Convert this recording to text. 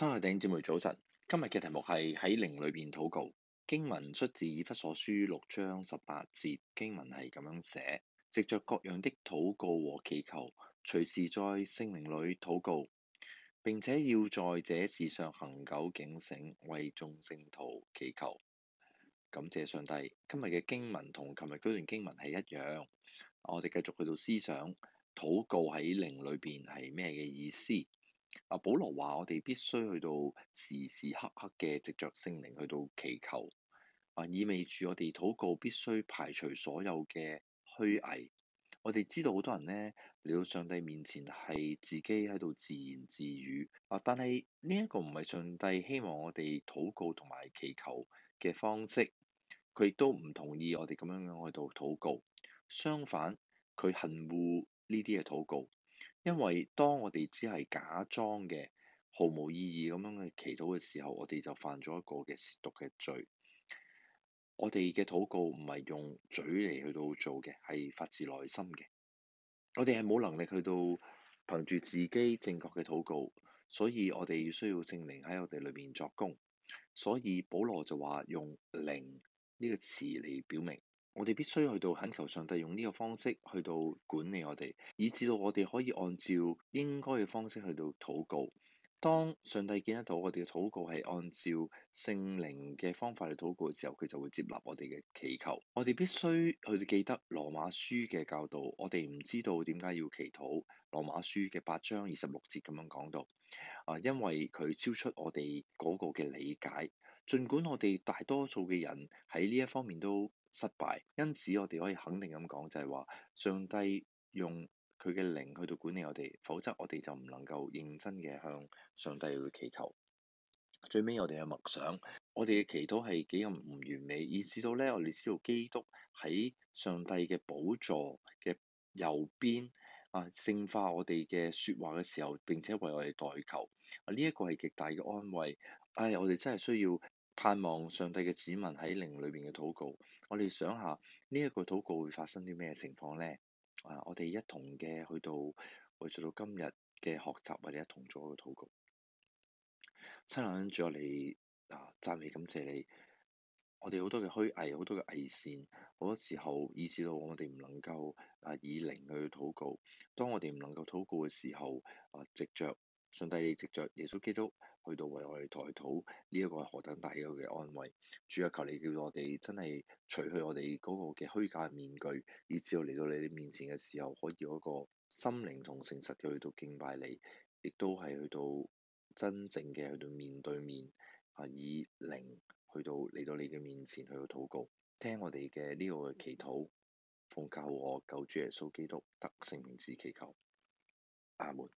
親愛弟兄姊妹早晨，今日嘅題目係喺靈裏邊禱告。經文出自以弗所書六章十八節，經文係咁樣寫：藉着各樣的禱告和祈求，隨時在聖靈裏禱告，並且要在這事上恒久警醒，為眾聖徒祈求。感謝上帝，今日嘅經文同琴日嗰段經文係一樣。我哋繼續去到思想禱告喺靈裏邊係咩嘅意思？啊！保羅話：我哋必須去到時時刻刻嘅藉着聖靈去到祈求，啊，意味住我哋禱告必須排除所有嘅虛偽。我哋知道好多人咧嚟，到上帝面前係自己喺度自言自語，啊！但係呢一個唔係上帝希望我哋禱告同埋祈求嘅方式，佢亦都唔同意我哋咁樣樣去到禱告。相反，佢恨惡呢啲嘅禱告。因為當我哋只係假裝嘅毫無意義咁樣去祈禱嘅時候，我哋就犯咗一個嘅褻瀆嘅罪。我哋嘅禱告唔係用嘴嚟去到做嘅，係發自內心嘅。我哋係冇能力去到憑住自己正確嘅禱告，所以我哋需要聖靈喺我哋裏面作工。所以保羅就話用「靈」呢、這個詞嚟表明。我哋必須去到懇求上帝用呢個方式去到管理我哋，以至到我哋可以按照應該嘅方式去到禱告。當上帝見得到我哋嘅禱告係按照聖靈嘅方法去禱告嘅時候，佢就會接納我哋嘅祈求。我哋必須去記得羅馬書嘅教導。我哋唔知道點解要祈禱，羅馬書嘅八章二十六節咁樣講到啊，因為佢超出我哋嗰個嘅理解。盡管我哋大多數嘅人喺呢一方面都，失敗，因此我哋可以肯定咁講，就係話上帝用佢嘅靈去到管理我哋，否則我哋就唔能夠認真嘅向上帝去祈求。最尾我哋嘅默想，我哋嘅祈禱係幾咁唔完美，以至到呢我哋知道基督喺上帝嘅寶座嘅右邊啊，聖化我哋嘅説話嘅時候，並且為我哋代求啊，呢、這、一個係極大嘅安慰。唉、哎，我哋真係需要。盼望上帝嘅子民喺靈裏邊嘅禱告，我哋想下呢一個禱告會發生啲咩情況咧？啊，我哋一同嘅去到，我哋做到今日嘅學習，或者一同做一個禱告。親愛嘅主啊，你啊，讚美感謝你。我哋好多嘅虛偽，好多嘅偽善，好多時候以至到我哋唔能夠啊以靈去禱告。當我哋唔能夠禱告嘅時候，啊，直着。上帝，你藉著耶穌基督去到為我哋代禱。呢、這、一個係何等大嘅安慰。主啊，求你叫我哋真係除去我哋嗰個嘅虛假面具，以至到嚟到你哋面前嘅時候，可以有一個心靈同誠實嘅去到敬拜你，亦都係去到真正嘅去到面對面啊，以靈去到嚟到你嘅面前去到禱告，聽我哋嘅呢個嘅祈禱，奉教和救主耶穌基督得聖名字祈求，阿門。